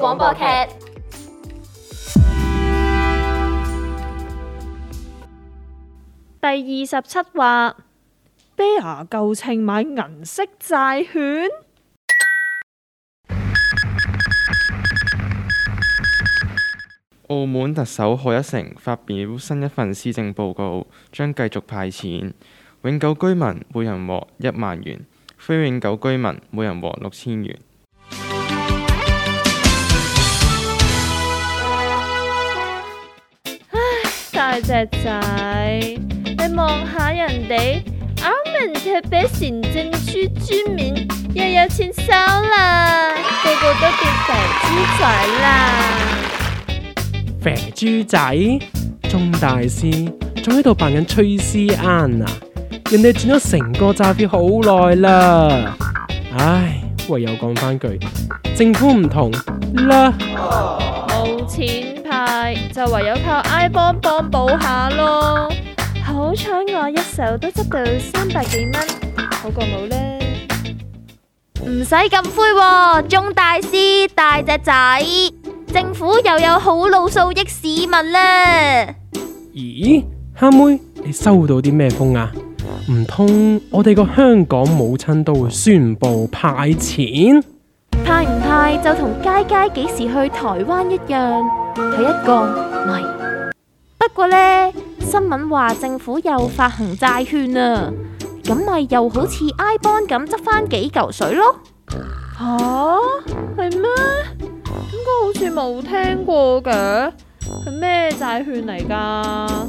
廣播劇第二十七話，啤牙夠秤買銀色債券。澳門特首賀一誠發表新一份施政報告，將繼續派錢，永久居民每人獲一萬元，非永久居民每人獲六千元。大隻仔，你望下人哋，澳門特別行政區居民，又有錢收啦，個個都變成肥豬仔啦。肥豬仔，鍾大師仲喺度扮緊吹斯晏啊！人哋轉咗成個詐騙好耐啦，唉，唯有講翻句，政府唔同啦，冇、啊、錢。就唯有靠 I 幫幫補下咯，好彩我一手都執到三百幾蚊，好過冇呢？唔使咁灰喎，鍾大師大隻仔，政府又有好路數益市民咧。咦，蝦妹，你收到啲咩風啊？唔通我哋個香港母親都會宣布派錢？派唔派就同佳佳幾時去台灣一樣。係一個咪，不過呢，新聞話政府又發行債券啊，咁咪又好似 I Bond 咁執翻幾嚿水咯。吓，係咩？點解，好似冇聽過嘅，係咩債券嚟噶？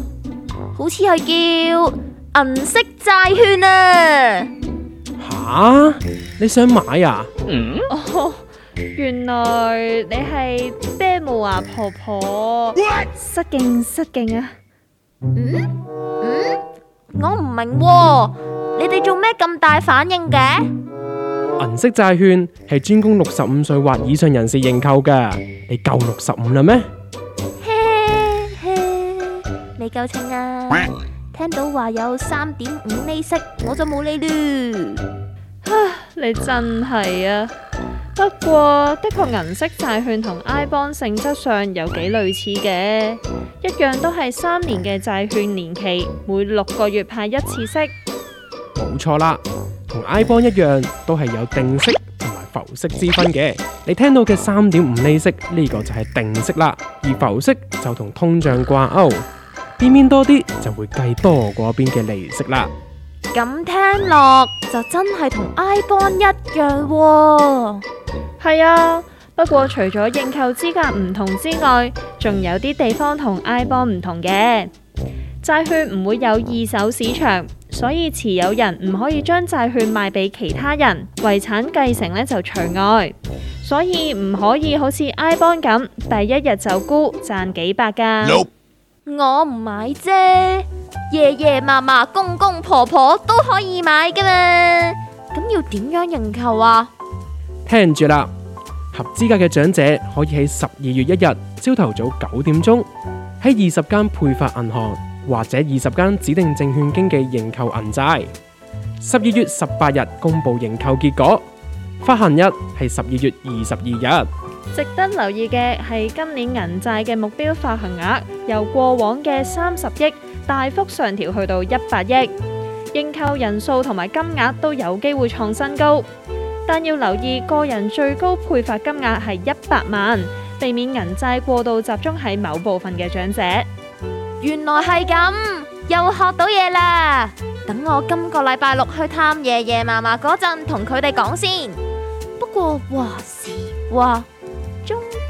好似係叫銀色債券啊。吓，你想買啊？嗯。原來你係爹母啊，婆婆，失敬失敬啊！嗯嗯，我唔明喎，你哋做咩咁大反應嘅？銀色債券係專供六十五歲或以上人士認購噶，你夠六十五啦咩？你夠秤啊！聽到話有三點五厘息，我就冇理啦。哈，你真係啊！不過的確，銀色債券同 I Bond 性質上有幾類似嘅，一樣都係三年嘅債券年期，每六個月派一次息。冇錯啦，同 I Bond 一樣，都係有定息同埋浮息之分嘅。你聽到嘅三點五厘息呢個就係定息啦，而浮息就同通脹掛鈎，邊邊多啲就會計多嗰邊嘅利息啦。咁聽落就真係同 I Bond 一樣喎。哦，係啊。不過除咗認購資格唔同之外，仲有啲地方同 I Bond 唔同嘅。債券唔會有二手市場，所以持有人唔可以將債券賣俾其他人。遺產繼承呢就除外，所以唔可以好似 I Bond 咁第一日就沽，賺幾百噶。Nope. 我唔買啫，爺爺嫲嫲、公公婆婆都可以買噶嘛。咁要點樣認購啊？聽住啦，合資格嘅長者可以喺十二月一日朝頭早九點鐘，喺二十間配發銀行或者二十間指定證券經紀認購銀債。十二月十八日公布認購結果，發行日係十二月二十二日。值得留意嘅係今年銀債嘅目標發行額由過往嘅三十億大幅上調去到一百億，認購人數同埋金額都有機會創新高。但要留意個人最高配發金額係一百萬，避免銀債過度集中喺某部分嘅長者。原來係咁，又學到嘢啦！等我今個禮拜六去探爺爺嫲嫲嗰陣，同佢哋講先。不過話時話。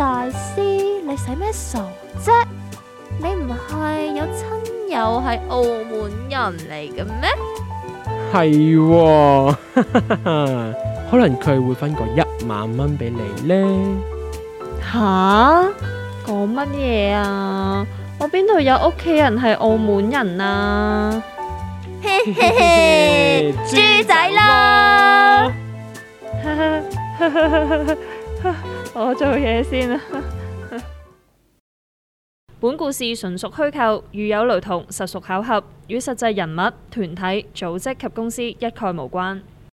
大師，你使咩傻啫？你唔係有親友係澳門人嚟嘅咩？係、哦，可能佢會分個一萬蚊俾你呢。吓，講乜嘢啊？我邊度有屋企人係澳門人啊？ 豬仔啦喲！ 我做嘢先啦。 本故事純屬虛構，如有雷同，實屬巧合，與實際人物、團體、組織及公司一概無關。